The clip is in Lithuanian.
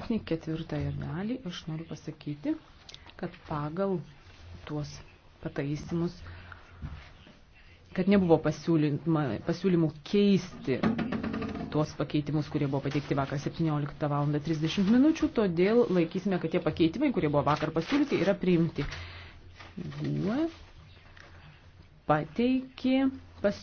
Aplink ketvirtąją dalį aš noriu pasakyti, kad pagal tuos pataisimus, kad nebuvo pasiūlymų keisti tuos pakeitimus, kurie buvo pateikti vakar 17 val. 30 minučių, todėl laikysime, kad tie pakeitimai, kurie buvo vakar pasiūlyti, yra priimti. Jie pateikė pasiūlymą.